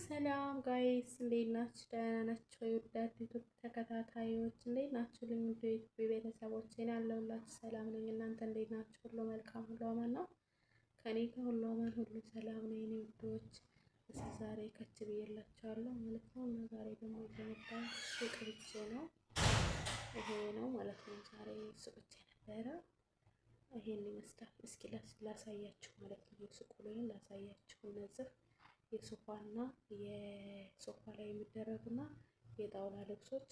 ሰላም ጋይስ እንዴት ናችሁ? ደህና ናችሁ? የወዳጅ ዩቱብ ተከታታዮች እንዴት ናችሁ? ልኝ ዩቱብ ቤተሰቦች ዜና ያለሁላችሁ ሰላም ነኝ። እናንተ እንዴት ናችሁ? ሁሉ መልካም፣ ሁሉ አማን ነው። ከኔ ጋር ሁሉ አማን፣ ሁሉ ሰላም ነው። የኔ ውዶች እስከ ዛሬ ከች ብዬላችኋለሁ ማለት ነው እና ዛሬ ደግሞ የተመጣ ሱቅ ብቼ ነው ይሄ ነው ማለት ነው። ዛሬ ሱቅ ነበረ። ይሄን ይመስላል። እስኪ ላሳያችሁ ማለት ነው። ሱቁ ላሳያችሁ ነዝር የሶፋና የሶፋ ላይ የሚደረጉና የጣውላ ልብሶች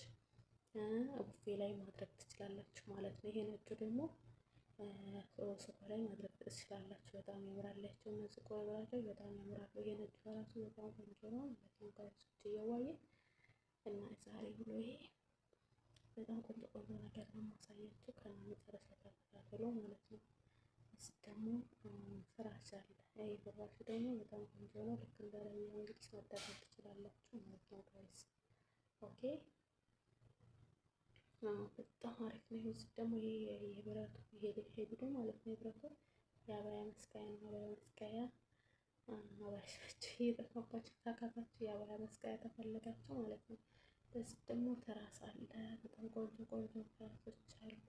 ቡፌ ላይ ማድረግ ትችላላችሁ ማለት ነው። ይሄ ነጩ ደግሞ ሶፋ ላይ ማድረግ ትችላላችሁ። በጣም ያምራላችሁ። እነዚህ ቆብራቸው በጣም ያምራሉ። ይሄ ነጩ በራሱ በጣም ቆንጆ ነው ማለት ነው። ጋይሶች እየዋየ እና ዛሬ ብሎ ይሄ በጣም ቆንጆ ቆንጆ ነገር ነው የማሳያችሁ ከነ መጨረሻ ተከታተሉ ማለት ነው። ደግሞ ፍራሽ አለ። ይህ ፍራሹ ደግሞ በጣም ቆንጆ ነው። ልክ እንደላይኛው እንግዲህ መደረግ ትችላላችሁ ማለት ነው ጋይስ። ኦኬ በጣም አሪፍ ነው። ይህ ደግሞ ይሄ የብረቱ ሄዱ ማለት ነው። የብረቱ የአበያ መስቀያ ነው። አበያ መስቀያ አበያችሁ እየጠፋባቸው ታካታችሁ የአበያ መስቀያ ተፈለጋችሁ ማለት ነው። በዚህ ደግሞ ትራስ አለ። በጣም ቆንጆ ቆንጆ ትራሶች አሉ።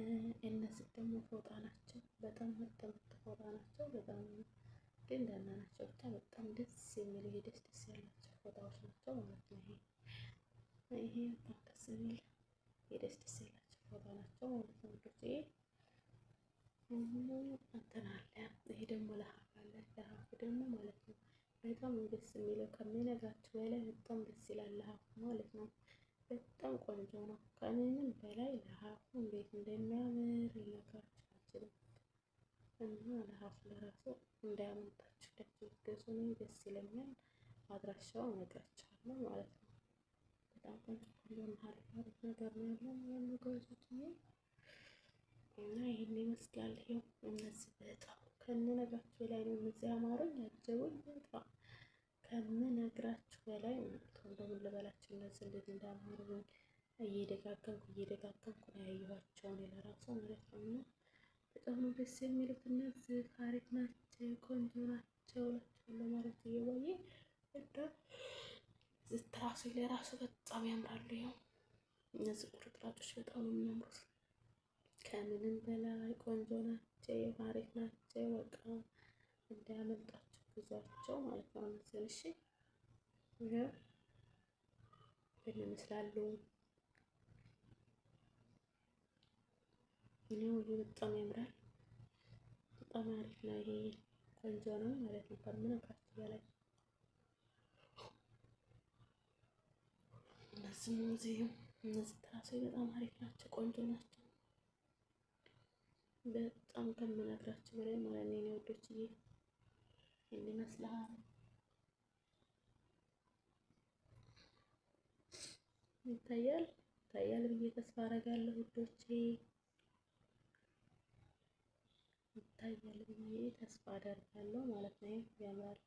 እነዚህ ደግሞ ፎጣ ናቸው። በጣም ምርጥ ምርጥ ፎጣ ናቸው። በጣም ግን ደህና ናቸው። ብቻ በጣም ደስ የሚል ይሄ ደስ ደስ ያላቸው ፎጣዎች ናቸው ማለት ነው። ይሄ ይሄ በጣም ደስ የሚል የደስ ደስ ያላቸው ፎጣ ናቸው ማለት ነው። ጊዜ እንትን አለ። ይሄ ደግሞ ለሀፍ አለ። ለሀፍ ደግሞ ማለት ነው በጣም ደስ የሚለው ከምነግራችሁ በላይ በጣም ደስ ይላል ለሀፍ ማለት ነው። በጣም ቆንጆ ነው። ከምንም በላይ ለሀፉ እንዴት እንደሚያምር ልነግራችሁ አልችልም። እና ለሀፉ ለራሱ እንዳያመልጣችሁ ደስ ደስ ይለኛል። አድራሻው እነግራችኋለሁ ማለት ነው። በጣም ቆንጆ ቆንጆ አሪፍ አሪፍ ነገር ነው ያለው የሚገዙት እና ይህን ይመስላል። ይኸው እነዚህ በጣም ከነነጋቸው ላይ ነው እነዚህ አማረኝ ያጀቡኝ በጣም ከምነግራችሁ በላይ ማለት ነው። እንደምን ልበላችሁ እነዚህ እንዴት እንዳማሩ እየደጋገምኩ እየደጋገምኩ ነው ያየኋቸውን ለራሱ ማለት ነው። እና በጣም ነው ደስ የሚሉት እነዚህ አሪፍ ናቸው፣ ቆንጆ ናቸው እላቸዋለሁ ማለት ነው። እየዋዬ በጣም ስትራሱ ለራሱ በጣም ያምራሉ። ይኸው እነዚህ ቁርጥራጮች በጣም ነው የሚያምሩት። ከምንም በላይ ቆንጆ ናቸው፣ ታሪክ ናቸው። በቃ እንዳያመልጣ ብዛቸው ማለት ነው። እነዚህን እሺ ምን ይመስላሉ? እኔ በጣም ያምራል። በጣም አሪፍ ነው። ይሄ ቆንጆ ነው ማለት ነው። ከምንም ከፍ በላይ እነዚህ ሙዚየም እነዚህ ትራሶች በጣም አሪፍ ናቸው፣ ቆንጆ ናቸው። በጣም ከምነግራችሁ በላይ ማለት ነው ወዶችዬ ይህን ይመስላል። ይታያል ይታያል ብዬ ተስፋ አደርጋለሁ ውዶቼ፣ ይታያል ብዬ ተስፋ አደርጋለሁ ማለት ነው። ያምራል፣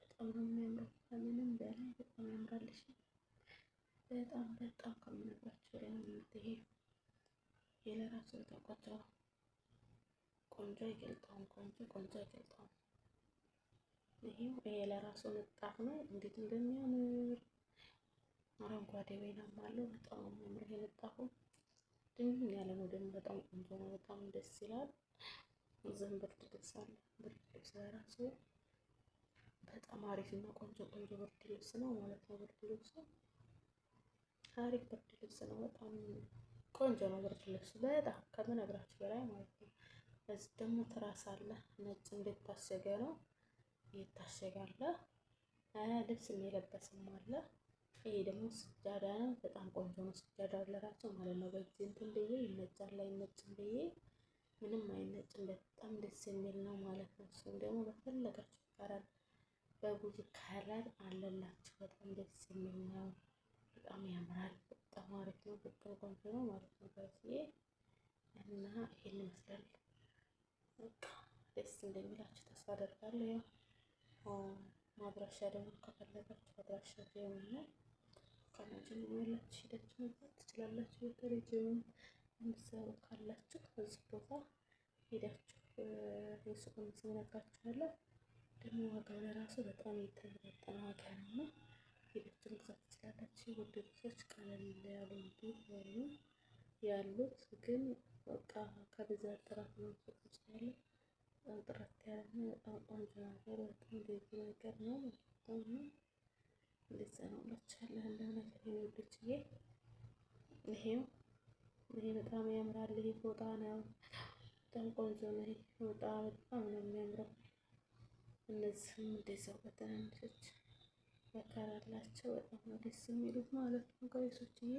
በጣም ነው የሚያምረው። ከምንም በላይ በጣም ያምራል። በጣም በጣም ከምነግራችሁ በላይ ነው የምትሄድ የለራሱ ተቆጥሮ ቆንጆ ይገልጠዋል። ቆንጆ ቆንጆ ይገልጠዋል። ይሄው ይሄ ለራሱ ንጣፍ ነው። እንዴት እንደሚያምር አረንጓዴ ወይናም አለው። በጣም የሚያምር ይሄ ምጣፉ ድንግን ያለ ነው። ደግሞ በጣም ቆንጆ ነው። በጣም ደስ ይላል። እዚህም ብርድ ልብስ አለ። ብርድ ልብስ ለራሱ በጣም አሪፍ እና ቆንጆ ቆንጆ ብርድ ልብስ ነው ማለት ነው። ብርድ ልብሱ አሪፍ ብርድ ልብስ ነው። በጣም ቆንጆ ነው ብርድ ልብሱ በጣም ከምነግራችሁ በላይ ማለት ነው። በዚህ ደግሞ ትራስ አለ። ነጭ እንዴት ታሸገ ነው ይታሸጋለ። ልብስ የሚለበስም አለ። ይሄ ደግሞ ስጃዳ ነው። በጣም ቆንጆ ነው። ስጃዳ ለራሱ ማለት ነው። በዚህ እንትን ብዬ ይነጫል ላይ ነጭም ብዬ ምንም አይነጭም። በጣም ደስ የሚል ነው ማለት ነው። እሱም ደግሞ በፈለጋችሁ ይቀራል። በብዙ ከለር አለላችሁ። በጣም ደስ የሚል ነው። በጣም ያምራል። በጣም አሪፍ ነው። በጣም ቆንጆ ነው ማለት ነው። በዚህ እና ይሄን ይመስላል። በቃ ደስ እንደሚላችሁ ተስፋ አደርጋለሁ። ያው ማድራሻ ደግሞ ከፈለጋችሁ አድራሻ ጀምር ነው። ከነዚህ ሁላችሁ ሄዳችሁ ትችላላችሁ። በተለይ ጀምር የምትሰሩ ካላችሁ ከዚህ ቦታ ሄዳችሁ የሱቁን ስም ነግራችኋለሁ። ደግሞ ዋጋው ለራሱ በጣም የተመጣጠነ ዋጋ ነው። ሄዳችሁ መግዛት ትችላላችሁ። ውድ ልብሶች ቀለል ያሉ ያሉት ግን በቃ ከብዛት ጥራት ነው ያለው ጥርት ያለ ነው። በጣም ቆንጆ ነገር በጣም ልዩ ነገር ነው። ምክንያቱም እንደዛ ነው ብላችኋለሁ። ለእውነት ልጆች ዬ ይሄው ይሄ በጣም ያምራል። ይሄ ፎጣ ነው። በጣም ቆንጆ ነው። ይሄ ፎጣ በጣም ነው የሚያምረው። እነዚህም እንደዛው በትናንሾች ያካራላቸው በጣም ነው ደስ የሚሉት ማለት ነው። ጋይሶች ዬ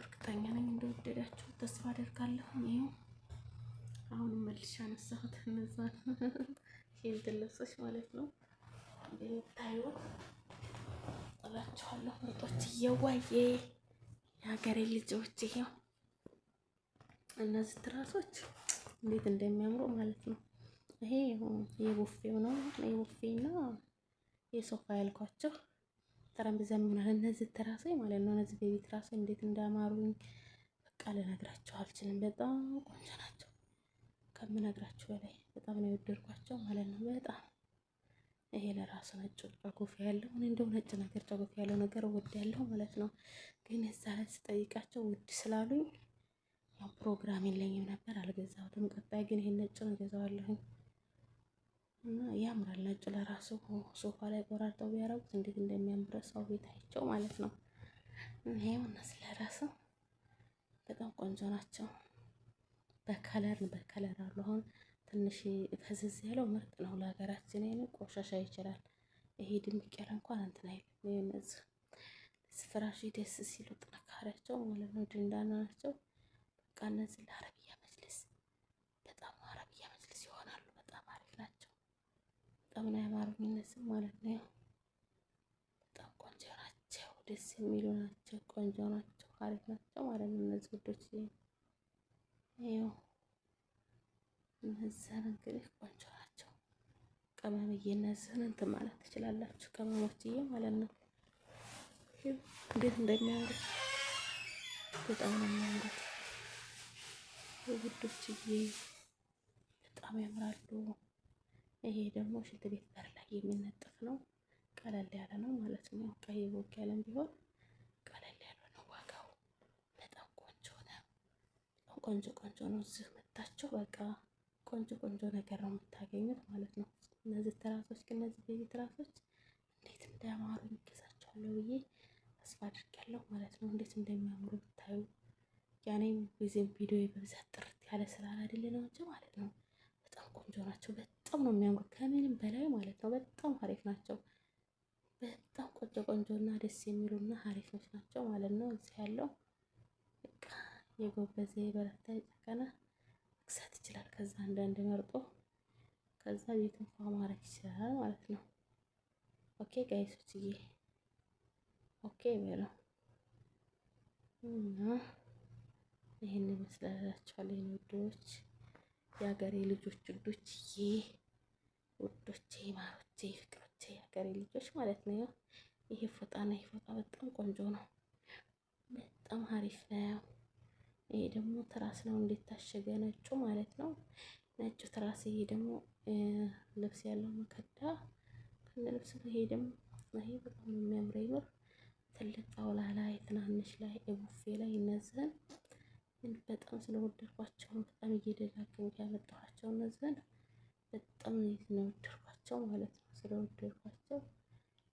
እርግጠኛ ነኝ እንደወደዳችሁ ተስፋ አደርጋለሁ። ይሄው አሁንም መልሻ አነሳሁት። እነዛን ይህን ለብሶች ማለት ነው እንደምታዩ እላችኋለሁ። ምርጦች እየዋየ የሀገሬ ልጆች ይሄው እነዚህ ትራሶች እንዴት እንደሚያምሩ ማለት ነው። ይሄ የቡፌው ነው የቡፌና የሶፋ ያልኳቸው ጠረጴዛ የሚሆናል። እነዚህ ትራሶ ማለት ነው። እነዚህ ቤቢ ትራሶ እንዴት እንዳማሩኝ በቃ ልነግራቸው አልችልም። በጣም ቆንጆ ናቸው። ከምነግራችሁ በላይ በጣም ነው የወደድኳቸው ማለት ነው። በጣም ይሄ ለራሱ ነጭ ጨጎፍ ያለው እኔ እንደው ነጭ ነገር ጨጎፍ ያለው ነገር ውድ ያለው ማለት ነው። ግን እዛ ላይ ስጠይቃቸው ውድ ስላሉኝ ያው ፕሮግራም የለኝም ነበር አልገዛሁትም። ቀጣይ ግን ይሄን ነጭ ነው ገዛዋለሁኝ። እና ያምራል ነጭ ለራሱ ሶፋ ላይ ቆራርጠው ቢያረጉት እንዴት እንደሚያምር ሰው ቤታቸው ማለት ነው። ይሄው እነሱ ለራሱ በጣም ቆንጆ ናቸው። በከለር በከለር አሉ። አሁን ትንሽ ፈዘዝ ያለው ምርጥ ነው ለሀገራችን። ይሄን ቆሻሻ ይችላል። ይሄ ድምቅ ያለ እንኳን እንትን አይልም። ይሄን ፍራሽ ደስ ሲሉ ጥንካሬያቸው ማለት ነው ድንዳና ናቸው። በቃ እነዚህ ለአረብያ መጅልስ በጣም አረብያ መጅልስ ይሆናሉ። በጣም አሪፍ ናቸው። በጣም ነው ያማሩት እነዚህ ማለት ነው። በጣም ቆንጆ ናቸው። ደስ የሚሉ ናቸው። ቆንጆ ናቸው። አሪፍ ናቸው ማለት ነው እነዚህ ውዶች ይኸው እነዚህን እንግዲህ ቆንጆ ናቸው። ቅመምዬ እነዚህን እንትን ማለት ትችላላችሁ፣ ቅመሞችዬ ማለት ነው። እንዴት እንደሚያምሩ በጣም ነው የሚያምሩት ውዶችዬ፣ በጣም ያምራሉ። ይሄ ደግሞ ሽንት ቤት በር ላይ የሚነጠፍ ነው፣ ቀለል ያለ ነው ማለት ነው። ቀይ ቦግ ያለም ቢሆን ቆንጆ ቆንጆ ነው። እዚህ መታቸው በቃ ቆንጆ ቆንጆ ነገር ነው የምታገኙት ማለት ነው። እነዚህ ትራሶች ግን እነዚህ ቤቢ ትራሶች እንዴት እንደማሩ ይገዛቸዋለሁ ብዬ ተስፋ አድርጊያለሁ ማለት ነው። እንዴት እንደሚያምሩ ብታዩ ያኔም ጊዜም ቪዲዮ በብዛት ጥርት ያለ ስራ አይደለ ነው እንጂ ማለት ነው። በጣም ቆንጆ ናቸው። በጣም ነው የሚያምሩ ከምንም በላይ ማለት ነው። በጣም አሪፍ ናቸው። በጣም ቆንጆ ቆንጆ እና ደስ የሚሉ እና አሪፎች ናቸው ማለት ነው። እዚህ ያለው በቃ የጎበዘ የበረታ የጨከነ መግዛት ይችላል። ከዛ አንዳንድ መርጦ ከዛ ቤቱን ፏ ማድረግ ይችላል ማለት ነው። ኦኬ ጋይሶችዬ፣ ኦኬ በለው እና ይህን ይመስላላችኋል። ይህን ውዶች፣ የሀገሬ ልጆች፣ ውዶችዬ፣ ውዶቼ፣ ማሮቼ፣ ፍቅሮቼ፣ የሀገሬ ልጆች ማለት ነው። ይሄ ፎጣ ነው። ይሄ ፎጣ በጣም ቆንጆ ነው። በጣም አሪፍ ነው። ይሄ ደግሞ ትራስ ነው ታሸገ ነጩ ማለት ነው። ነጩ ትራስ ይሄ ደግሞ ልብስ ያለው መከዳ ከነ ልብስ ይሄ ደግሞ ይሄ በጣም የሚያምር ይኖር ትልቅ ጣውላ ላይ ትናንሽ ላይ ቡፌ ላይ እነዚህን በጣም ስለወደድኳቸው በጣም እየደጋገሙ ያመጣኋቸው እነዚህን በጣም ስለወደድኳቸው ማለት ነው። ስለወደድኳቸው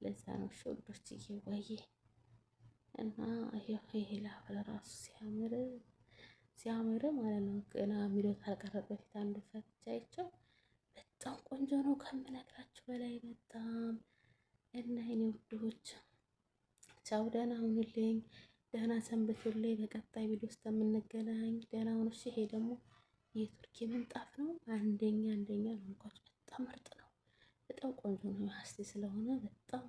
ለዛ ነው ሾዶች እየዋየ እና ይሄ ላብ ለራሱ ሲያምር ሲያምር ማለት ነው። ገና ቪዲዮ ካልቀረጽ በፊት አንድ ፈትቻ አይቼው በጣም ቆንጆ ነው ከምነግራችሁ በላይ በጣም እና የኔ ውዶች ቻው፣ ደህና ሁኑልኝ፣ ደህና ሰንብቱልኝ። በቀጣይ ቪዲዮ እስከምንገናኝ ደህና ሁኑ። እሺ፣ ይሄ ደግሞ የቱርኪ ምንጣፍ ነው። አንደኛ አንደኛ ነው በጣም ምርጥ ነው። በጣም ቆንጆ ነው። ሀስቴ ስለሆነ በጣም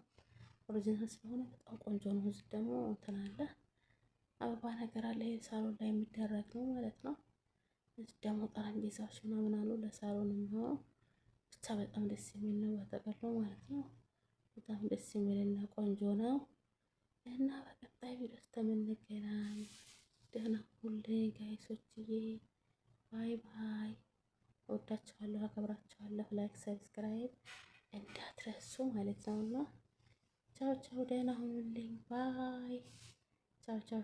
ኦሪጂናል ስለሆነ በጣም ቆንጆ ነው። እዚህ ደግሞ እንትን አለ አበባ ነገር አለ ሳሎን ላይ የሚደረግ ነው ማለት ነው። እዚህ ደግሞ ጠረጴዛዎች ምናምን አሉ ለሳሎን የሚሆነው ብቻ በጣም ደስ የሚል ነው በጠቅላላው ማለት ነው። በጣም ደስ የሚልና ቆንጆ ነው እና በቀጣይ ቪዲዮ እስከምንገናኝ ደህና ጋይሶች ጋይሶችዬ። ባይ ባይ። ወዳችኋለሁ፣ አከብራችኋለሁ። ላይክ ሰብስክራይብ እንዳትረሱ ማለት ነው እና ቻው ቻው፣ ደህና ሁኑልኝ። ባይ ቻው ቻው።